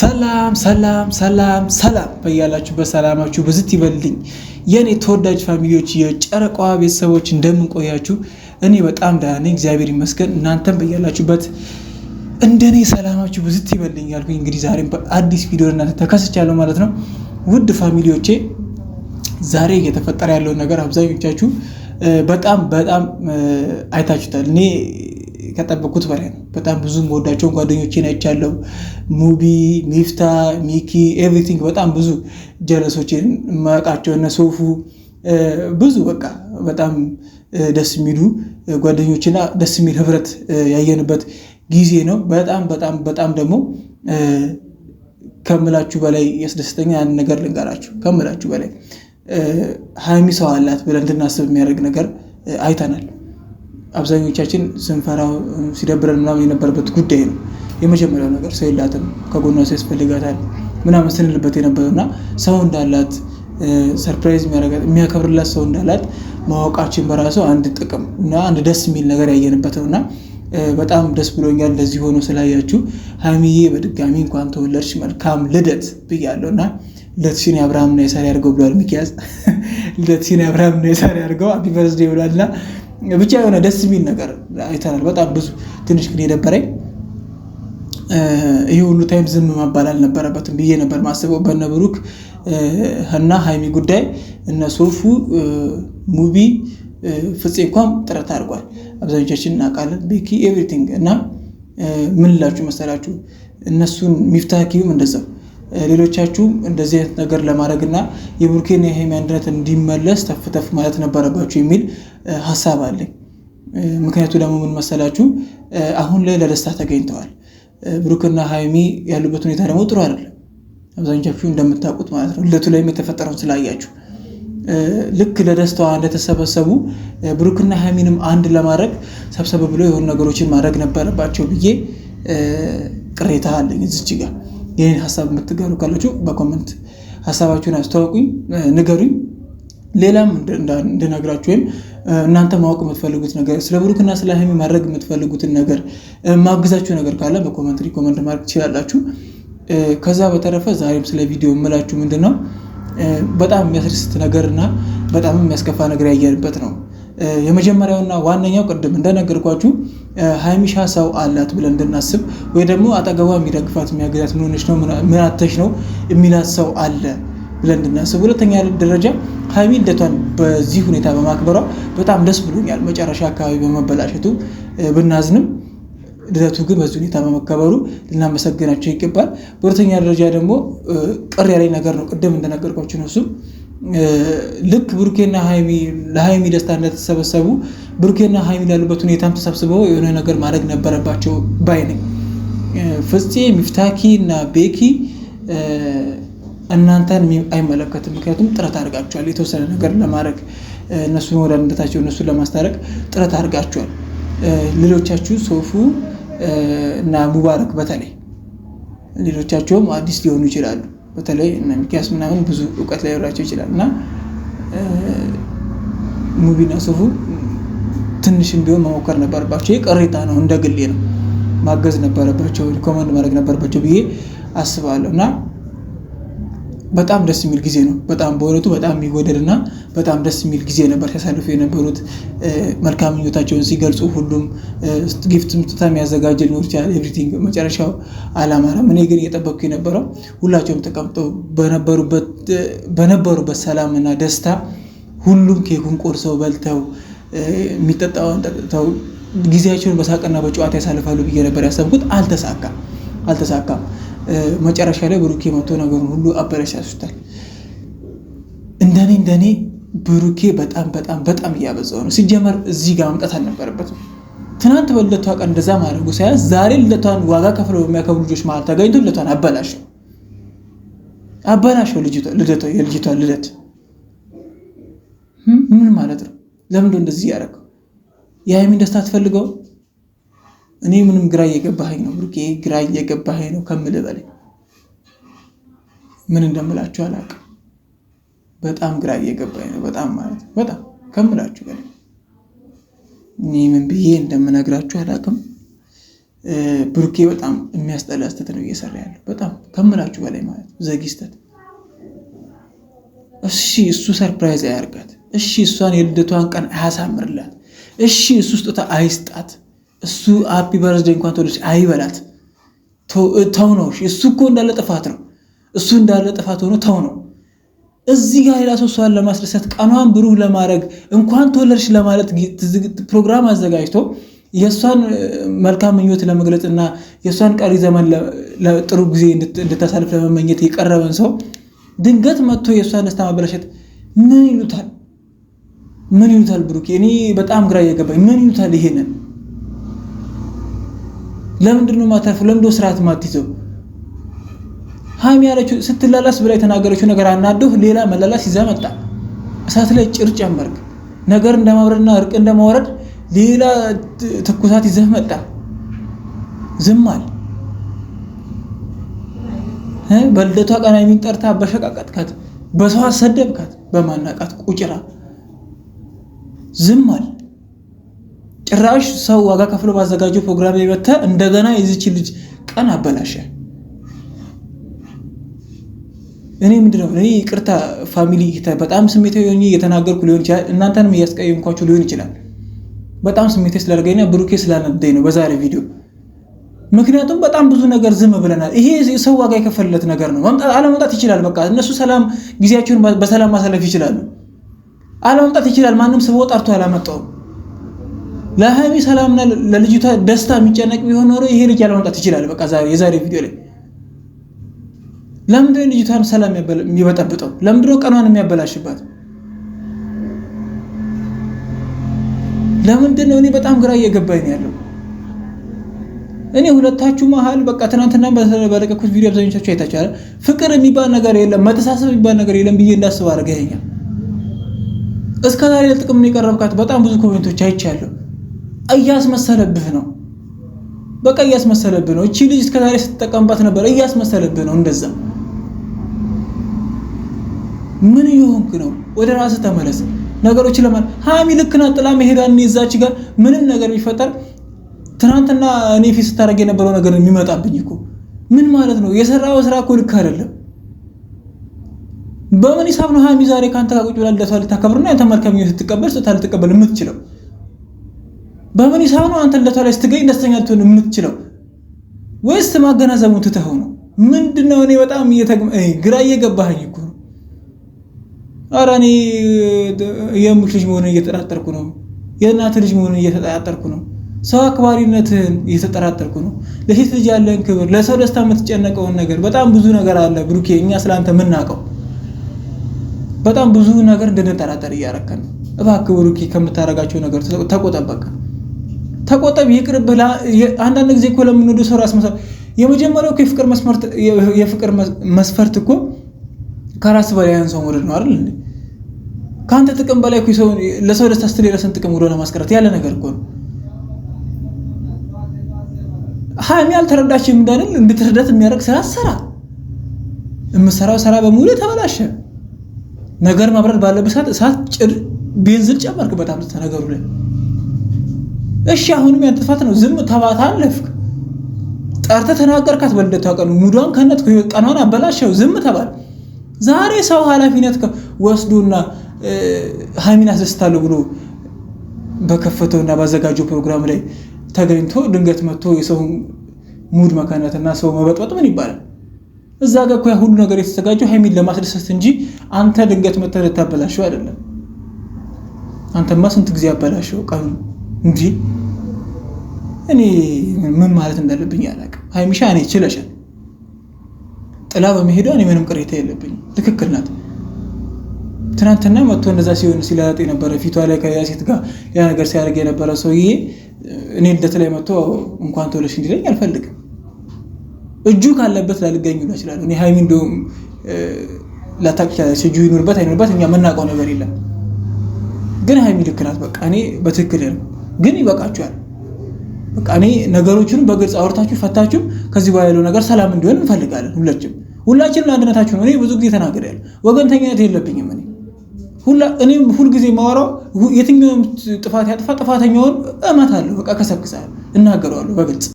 ሰላም ሰላም ሰላም ሰላም በያላችሁ በሰላማችሁ ብዝት ይበልልኝ የእኔ ተወዳጅ ፋሚሊዎች፣ የጨረቃዋ ቤተሰቦች እንደምንቆያችሁ፣ እኔ በጣም ደህና ነኝ እግዚአብሔር ይመስገን። እናንተም በያላችሁበት እንደኔ ሰላማችሁ ብዝት ይበልኝ ያልኩኝ እንግዲህ ዛሬም በአዲስ ቪዲዮ እናንተ ተከስቻለሁ ማለት ነው። ውድ ፋሚሊዎቼ ዛሬ እየተፈጠረ ያለውን ነገር አብዛኞቻችሁ በጣም በጣም አይታችሁታል። እኔ ከጠበቁት በላይ ነው። በጣም ብዙ መወዳቸውን ጓደኞቼን አይቻለሁ። ሙቢ፣ ሚፍታ፣ ሚኪ ኤቭሪቲንግ በጣም ብዙ ጀለሶችን ማቃቸው እነ ሶፉ ብዙ በቃ በጣም ደስ የሚሉ ጓደኞችና ደስ የሚል ህብረት ያየንበት ጊዜ ነው። በጣም በጣም በጣም ደግሞ ከምላችሁ በላይ ያስደስተኛ ያን ነገር ልንገራችሁ። ከምላችሁ በላይ ሀሚ ሰው አላት ብለን እንድናስብ የሚያደርግ ነገር አይተናል። አብዛኞቻችን ስንፈራው ሲደብረን ምናምን የነበረበት ጉዳይ ነው። የመጀመሪያው ነገር ሰው የላትም ከጎኗ ሰው ያስፈልጋታል ምናምን ስንልበት የነበረው እና ሰው እንዳላት ሰርፕራይዝ የሚያከብርላት ሰው እንዳላት ማወቃችን በራሱ አንድ ጥቅም እና አንድ ደስ የሚል ነገር ያየንበት ነው እና በጣም ደስ ብሎኛል እንደዚህ ሆኖ ስላያችሁ። ሀይሚዬ በድጋሚ እንኳን ተወለድሽ መልካም ልደት ብያለሁ እና ልደትሽን የአብርሃምና የሳሪ አድርገው ብሏል ሚኪያዝ። ልደትሽን የአብርሃምና የሳሪ አድርገው አቢ በርዝዴ ብሏል እና ብቻ የሆነ ደስ የሚል ነገር አይተናል። በጣም ብዙ ትንሽ ግን የደበረኝ ይህ ሁሉ ታይም ዝም መባል አልነበረበትም ብዬ ነበር ማስበው። በነ ብሩክ እና ሀይሚ ጉዳይ እነ ሶፉ ሙቢ ፍፄ እንኳን ጥረት አድርጓል። አብዛኞቻችን እናውቃለን። ቤኪ ኤቭሪቲንግ እና ምን ላችሁ መሰላችሁ እነሱን ኪዩም እንደዛው ሌሎቻችሁም እንደዚህ አይነት ነገር ለማድረግና የቡርኪና ሄሚ አንድነት እንዲመለስ ተፍተፍ ማለት ነበረባችሁ የሚል ሀሳብ አለኝ። ምክንያቱ ደግሞ ምን መሰላችሁ? አሁን ላይ ለደስታ ተገኝተዋል። ብሩክና ሀይሚ ያሉበት ሁኔታ ደግሞ ጥሩ አይደለም። አብዛኞቻችሁ እንደምታውቁት ማለት ነው። ልደቱ ላይም የተፈጠረውን ስላያችሁ ልክ ለደስታዋ እንደተሰበሰቡ ብሩክና ሀይሚንም አንድ ለማድረግ ሰብሰብ ብሎ የሆኑ ነገሮችን ማድረግ ነበረባቸው ብዬ ቅሬታ አለኝ እዚች ጋር ይህን ሀሳብ የምትጋሩ ካላችሁ በኮመንት ሀሳባችሁን አስተዋውቁኝ፣ ንገሩኝ። ሌላም እንድነግራችሁ ወይም እናንተ ማወቅ የምትፈልጉት ነገር ስለ ብሩክና ስለ ሀይሚ ማድረግ የምትፈልጉትን ነገር ማግዛችሁ ነገር ካለ በኮመንት ሪኮመንድ ማድረግ ትችላላችሁ። ከዛ በተረፈ ዛሬም ስለ ቪዲዮ የምላችሁ ምንድን ነው በጣም የሚያስደስት ነገርና በጣም የሚያስከፋ ነገር ያየንበት ነው። የመጀመሪያውና ዋነኛው ቅድም እንደነገርኳችሁ ሀይሚሻ ሰው አላት ብለን እንድናስብ ወይ ደግሞ አጠገቧ የሚደግፋት የሚያገዛት ምንሆነች ነው ምናተሽ ነው የሚላት ሰው አለ ብለን እንድናስብ። ሁለተኛ ደረጃ ሀይሚ ልደቷን በዚህ ሁኔታ በማክበሯ በጣም ደስ ብሎኛል። መጨረሻ አካባቢ በመበላሸቱ ብናዝንም ልደቱ ግን በዚህ ሁኔታ በመከበሩ ልናመሰግናቸው ይገባል። በሁለተኛ ደረጃ ደግሞ ቅር ያለኝ ነገር ነው፣ ቅድም እንደነገርኳችሁ ነው እሱም ልክ ብሩኬና ሀይሚ ለሀይሚ ደስታ እንደተሰበሰቡ ብሩኬና ሀይሚ ላሉበት ሁኔታም ተሰብስበው የሆነ ነገር ማድረግ ነበረባቸው ባይ ነኝ። ፍፄ ሚፍታኪ እና ቤኪ እናንተን አይመለከትም። ምክንያቱም ጥረት አድርጋችኋል፣ የተወሰነ ነገር ለማድረግ እነሱ ወዳንነታቸው እነሱን ለማስታረቅ ጥረት አድርጋችኋል። ሌሎቻችሁ ሶፉ እና ሙባረክ በተለይ ሌሎቻቸውም አዲስ ሊሆኑ ይችላሉ በተለይ እነ ሚኪያስ ምናምን ብዙ እውቀት ላይኖራቸው ይችላል እና ሙቢና ሱፉ ትንሽም ቢሆን መሞከር ነበረባቸው። ይህ ቅሬታ ነው፣ እንደ ግሌ ነው። ማገዝ ነበረባቸው፣ ሪኮመንድ ማድረግ ነበረባቸው ብዬ አስባለሁ እና በጣም ደስ የሚል ጊዜ ነው። በጣም በእውነቱ በጣም የሚወደድ እና በጣም ደስ የሚል ጊዜ ነበር ሲያሳልፉ የነበሩት። መልካም ምኞታቸውን ሲገልጹ ሁሉም ጊፍት ምጥታ የሚያዘጋጀ ሊሆን ይችላል። ኤቭሪቲንግ መጨረሻው አላማረም። እኔ ግን እየጠበቅኩ የነበረው ሁላቸውም ተቀምጠው በነበሩበት ሰላምና ደስታ ሁሉም ኬኩን ቆርሰው በልተው የሚጠጣውን ጠጥተው ጊዜያቸውን በሳቅና በጨዋታ ያሳልፋሉ ብዬ ነበር ያሰብኩት። አልተሳካም አልተሳካም። መጨረሻ ላይ ብሩኬ መቶ ነገሩን ሁሉ ያስታል። እንደኔ እንደኔ ብሩኬ በጣም በጣም በጣም እያበዛው ነው። ሲጀመር እዚህ ጋር መምጣት አልነበረበትም። ትናንት በልደቷ ቀን እንደዛ ማድረጉ ሳያንስ ዛሬ ልደቷን ዋጋ ከፍለው በሚያከብሩ ልጆች መሀል ተገኝቶ ልደቷን አበላሸው አበላሸው። የልጅቷን ልደት ምን ማለት ነው? ለምንድን እንደዚህ ያደረገው? የሀይሚን ደስታ ትፈልገው እኔ ምንም ግራ እየገባኸኝ ነው ብሩኬ፣ ግራ እየገባኸኝ ነው ከምል በላይ ምን እንደምላችሁ አላውቅም። በጣም ግራ እየገባኝ ነው። በጣም ማለት በጣም ከምላችሁ በላይ እኔ ምን ብዬ እንደምነግራችሁ አላውቅም። ብሩኬ በጣም የሚያስጠላ ስተት ነው እየሰራ ያለው። በጣም ከምላችሁ በላይ ማለት ዘጊ እሺ እሱ ሰርፕራይዝ አያርጋት። እሺ እሷን የልደቷን ቀን አያሳምርላት። እሺ እሱ ስጦታ አይስጣት። እሱ ሃፒ በርዝዴ እንኳን ተወለድሽ አይበላት። ተው ነው እሱ እኮ እንዳለ ጥፋት ነው። እሱ እንዳለ ጥፋት ሆኖ ተው ነው። እዚህ ጋር ሌላ ሰው እሷን ለማስደሰት ቀኗን ብሩህ ለማድረግ እንኳን ተወለድሽ ለማለት ፕሮግራም አዘጋጅቶ የእሷን መልካም ምኞት ለመግለጽ እና የእሷን ቀሪ ዘመን ጥሩ ጊዜ እንድታሳልፍ ለመመኘት የቀረበን ሰው ድንገት መጥቶ የእሷን ደስታ ማበላሸት ምን ይሉታል? ምን ይሉታል? ብሩኬ እኔ በጣም ግራ እየገባኝ ምን ይሉታል ይሄንን ለምንድን ነው ማታርፉ? ለምዶ ስርዓት ማትይዘው? ሀሚ ያለችው ስትላላስ ብላ የተናገረችው ነገር አናዶህ ሌላ መላላስ ይዛ መጣ። እሳት ላይ ጭር ጨመርክ። ነገር እንደማብረድና እርቅ እንደማውረድ ሌላ ትኩሳት ይዘህ መጣ። ዝም አለ። በልደቷ ቀና የሚንጠርታ በሸቃቀጥካት፣ በሰው ሰደብካት፣ በማናቃት ቁጭራ ዝም ጭራሽ ሰው ዋጋ ከፍሎ ባዘጋጀው ፕሮግራም የበተ እንደገና የዚች ልጅ ቀን አበላሸ። እኔ ምንድነው እኔ ይቅርታ ፋሚሊ በጣም ስሜታዊ ሆኜ እየተናገርኩ ሊሆን ይችላል፣ እናንተንም እያስቀየምኳቸው ሊሆን ይችላል። በጣም ስሜታዊ ስላደረገኝ ብሩኬ ስላነደኝ ነው በዛሬ ቪዲዮ። ምክንያቱም በጣም ብዙ ነገር ዝም ብለናል። ይሄ ሰው ዋጋ የከፈለለት ነገር ነው። አለመምጣት ይችላል። በቃ እነሱ ሰላም ጊዜያቸውን በሰላም ማሳለፍ ይችላሉ። አለመምጣት ይችላል። ማንም ስቦ ጠርቶ አላመጣውም። ለሀሚ ሰላምና ለልጅቷ ደስታ የሚጨነቅ ቢሆን ኖሮ ይሄ ልጅ ያለመምጣት ይችላል። በቃ የዛሬ ቪዲዮ ላይ ለምንድነው ልጅቷን ሰላም የሚበጠብጠው? ለምንድነው ቀኗን የሚያበላሽባት? ለምንድነው ነው? እኔ በጣም ግራ እየገባኝ ያለው እኔ ሁለታችሁ መሀል በቃ ትናንትና በለቀኩት ቪዲዮ አብዛኞቻችሁ አይታችኋል። ፍቅር የሚባል ነገር የለም፣ መተሳሰብ የሚባል ነገር የለም ብዬ እንዳስብ አድርገኸኛል። እስከ ዛሬ ለጥቅም የቀረብካት። በጣም ብዙ ኮሜንቶች አይቻለሁ። እያስመሰለብህ ነው። በቃ እያስመሰለብህ ነው። እቺ ልጅ እስከዛሬ ስትጠቀምባት ነበር። እያስመሰለብህ ነው። እንደዛ ምን እየሆንክ ነው? ወደ ራስህ ተመለስ። ነገሮች ለማለት ሀሚ ልክና ጥላ መሄዳን ይዛች ጋር ምንም ነገር ቢፈጠር ትናንትና እኔ ፊት ስታደርግ የነበረው ነገር የሚመጣብኝ እኮ ምን ማለት ነው? የሰራው ስራ እኮ ልክ አይደለም። በምን ሂሳብ ነው ሀሚ ዛሬ ከአንተ ጋር ቁጭ ብላ ልደቷ ልታከብርና ያንተ ስትቀበል ስታ ልትቀበል የምትችለው? በምን ሂሳብ ነው አንተ እንደቷ ላይ ስትገኝ ደስተኛ ልትሆን የምትችለው? ወይስ ማገናዘቡ ትተኸው ነው? ምንድነው? እኔ በጣም ግራ እየገባህኝ እኮ ነው። ኧረ እኔ የሙሽ ልጅ መሆንን እየተጠራጠርኩ ነው። የእናት ልጅ መሆንን እየተጠራጠርኩ ነው። ሰው አክባሪነትህን እየተጠራጠርኩ ነው። ለሴት ልጅ ያለን ክብር፣ ለሰው ደስታ የምትጨነቀውን ነገር በጣም ብዙ ነገር አለ ብሩኬ። እኛ ስለአንተ የምናውቀው በጣም ብዙ ነገር እንድንጠራጠር እያረከን። እባክህ ብሩኬ ከምታደርጋቸው ነገር ተቆጠበቀ ተቆጠብ፣ ይቅርብህ። አንዳንድ ጊዜ እኮ ለምን ሰው ራስ መስፈርት የመጀመሪያው እኮ የፍቅር መስፈርት እኮ ከራስ በላይ ያን ሰው መውደድ ነው አይደል? ከአንተ ጥቅም በላይ ለሰው ደስታ ስትል የራስን ጥቅም ወደ ለማስቀረት ያለ ነገር እኮ ነው። ሀይሚ አልተረዳችም የምንዳንል እንድትረዳት የሚያደርግ ስራ ሰራ። የምሰራው ስራ በሙሉ የተበላሸ ነገር ማብረድ ባለበት ሰዓት ጭር ቤንዝል ጨመርክ በጣም ነገሩ ላይ እሺ አሁንም ያንተ ጥፋት ነው። ዝም ተባታ አለፍክ። ጠርተህ ተናገርካት በልደቷ ቀን ሙዷን ከነትክ ቀኗን አበላሸው። ዝም ተባል። ዛሬ ሰው ኃላፊነት ወስዶና ሀይሚን አስደስታለሁ ብሎ በከፈተውና ባዘጋጀው ፕሮግራም ላይ ተገኝቶ ድንገት መጥቶ የሰው ሙድ መካነትና ሰው መበጥበጥ ምን ይባላል? እዛ ጋር እኮ ሁሉ ነገር የተዘጋጀው ሀሚን ለማስደሰት እንጂ አንተ ድንገት መጥተህ ልታበላሸው አይደለም። አንተማ ስንት ጊዜ አበላሸው ቀኑ እንጂ እኔ ምን ማለት እንዳለብኝ አላውቅም። ሀይሚሻ እኔ ችለሻል ጥላ በመሄዷ እኔ ምንም ቅሬታ የለብኝ ትክክል ናት። ትናንትና መጥቶ እንደዛ ሲሆን ሲላጥ የነበረ ፊቷ ላይ ከሌላ ሴት ጋር ያ ነገር ሲያደርግ የነበረ ሰውዬ እኔ ልደት ላይ መጥቶ እንኳን ተወለሽ እንዲለኝ አልፈልግም። እጁ ካለበት ላልገኝ ላ ይችላል። እኔ ሀይሚ እንደውም ላታቅ ይችላለች። እጁ ይኑርበት አይኑርበት እኛ የምናውቀው ነገር የለም። ግን ሀይሚ ልክ ናት። በቃ እኔ በትክክል ነው። ግን ይበቃችኋል በቃ እኔ ነገሮችንም በግልጽ አውርታችሁ ፈታችሁ ከዚህ በኋላ ያለው ነገር ሰላም እንዲሆን እንፈልጋለን። ሁላችም ሁላችንም ለአንድነታችሁ ነው። እኔ ብዙ ጊዜ ተናገር ያለ ወገንተኝነት የለብኝም። እኔ እኔም ሁልጊዜ የማወራው የትኛውም ጥፋት ያጥፋ ጥፋተኛውን እመታለሁ፣ በቃ ከሰክሳለሁ፣ እናገረዋለሁ በግልጽ